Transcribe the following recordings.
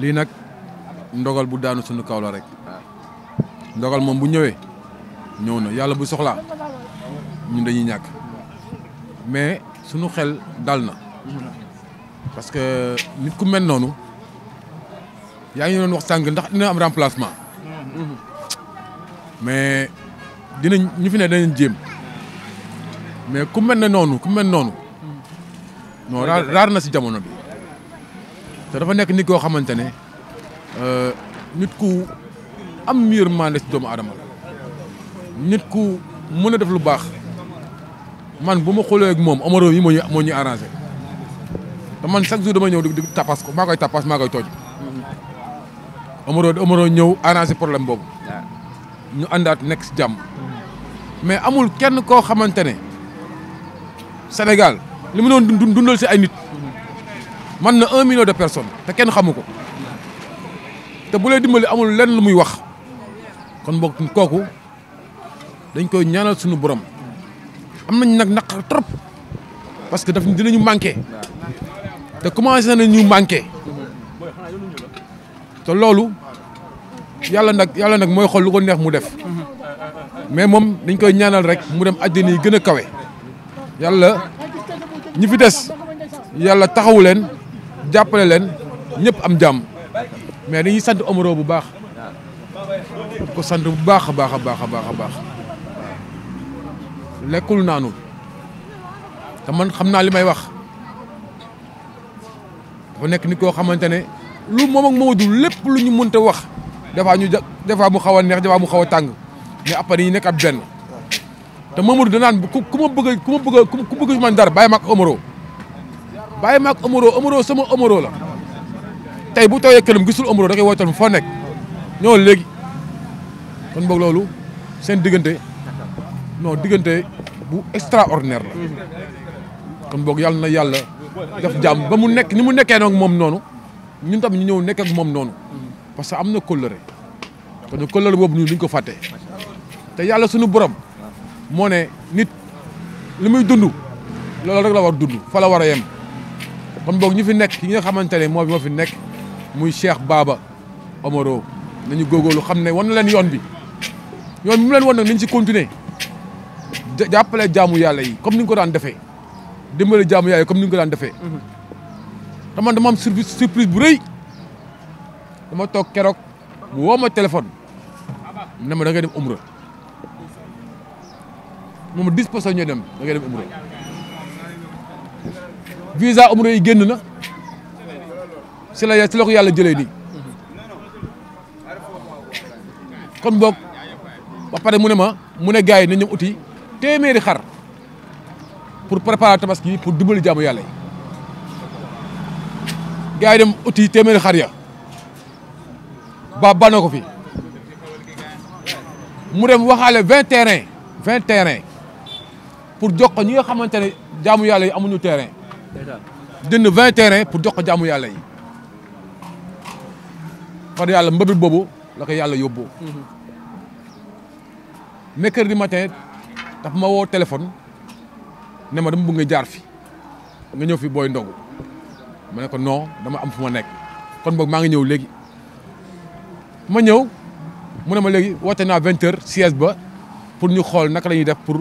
lii nag ndogal bu daanu suñu kaw rek ndogal moom bu ñëwee ñëw na yàlla bu soxlaa ñun dañuy ñàkk mais sunu xel dal na parce que nit ku mel noonu yaa ngi doon wax sànq ndax dina am remplacement mais dinañ ñu fi ne danañ jéem mais ku mel ne noonu ku mel noonu non raar na si jamono bi te dafa nekk nit koo xamante ne euh, nit ku am yërmande ci doomu aadama nit ku mën a def lu baax man bu ma xoolee moom amaro yi moo ñu moo ñuy arrangé te man chaque jour dama ñëw di tapas ko maa koy tapas maa koy tooj amaro amaro ñëw arrangé problème boobu ñu àndaat nekk ci jàmm mais amul kenn koo xamante ne Sénégal li mu doon dundal si ay nit man na un million de personnes te kenn xamu ko te bu lay dimbali amul lenn lu muy wax kon mbokk kooku dañ koy ñaanal suñu borom am nañ nag naqar trop parce que daf dinañu manqué te commencé nañu manqué te loolu yàlla nag yàlla nag mooy xool ko neex mu def mais moom dañ koy ñaanal rek mu dem àjjana yi gën a kawe yàlla ñi fi des yàlla taxawu leen jàppale leen ñëpp am jàmm mais dañuy sant Omaro bu baax ko sant bu baax a baax a baax a baax a baax lekkul naanul te man xam naa li may wax dafa nekk ni koo xamante ne lu moom ak Mamadou lépp lu ñu mënta wax des fois ñu des fois mu xaw a neex des fois mu xaw a tàng mais après dañuy nekk ab benn te Mamadou danaan ku ma bëgg ku ma bëgg ku ku bëgg man dara bàyyi ma ak Omaro bàyyi ma ak Omaro sama Omaro la tey bu tooyee këram gisul Omaro da koy wooteel foo nekk ñoo léegi kon boog loolu seen diggante non diggante bu extraordinaire la kon boog yàlla na yàlla def jàmm ba mu nekk ni mu nekkee nag moom noonu ñun tam ñu ñëw nekk ak moom noonu parce que am na kóllëre kon ñu kóllëre boobu ñun duñ ko fàtte te yàlla suñu borom moo ne nit li muy dund loolu rek la war dund fa la war a yem kon boog ñu fi nekk ki nga xamante ne moo moo fi nekk muy Cheikh Baba Omaro nañu góorgóorlu xam ne wan na leen yoon bi yoon bi mu leen wan nag nañ ci continuer jàppale jaamu yàlla yi comme ni nga ko daan defee dimbale jaamu yàlla yi comme ni nga ko daan defee. Mm-hmm. te man dama am surprise surprise bu rëy dama toog keroog mu woo ma téléphone ne ma da ngay dem umra moom 10 personnes ñooy dem da ngay dem umra. visa umra yi génn na si la si yàlla jëlee nii kon boog ba pare mu ne ma mu ne gars yi nañ uti téeméeri xar pour préparer tabaski pour dimbali jaamu yàlla yi gars yi dem uti téeméeri xar ya ba bana ko fi mu dem waxaale vingt terrain vingt terrain pour jox ko ñi nga xamante ne jaamu yàlla yi amuñu terrain jënd vingt terrain pour jox ko jaamu yàlla yi far yàlla mbëbit boobu la ko yàlla yóbbu. mercredi matin daf ma woo téléphone ne ma dama bëgg nga jaar fi nga ñëw fi booy ndogu ma ne ko noo dama am fu ma nekk kon boog maa ngi ñëw léegi ma ñëw mu ne ma léegi woote naa vingt heures siège ba pour ñu xool naka la ñuy def pour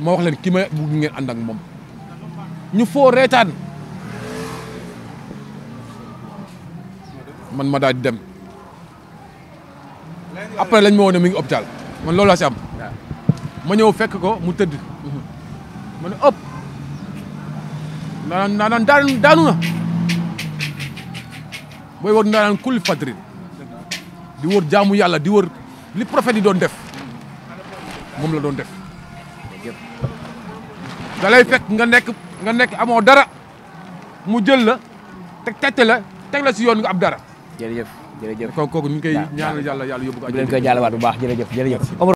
ma wax leen ki ma bëgg ngeen ànd ak moom. ñu foo reetaan man ma daal di dem après lañ ma woo ne mi ngi hôpital man loolu laa si am ma fekk ko mu tëdd ma ne ëpp ndaanaan na booy wër ndaanaan kulli fadrin di wër jaamu yàlla di wër li prophète yi doon def moom la doon def da fekk nga nekk nga nekk amoo dara mu jël la teg tette la teg la si yoon nga am dara. jërëjëf jërëjëf kooku ñu ngi koy ñaanal yàlla yàlla yóbbu ko. bu leen koy jàllawaat bu jërëjëf.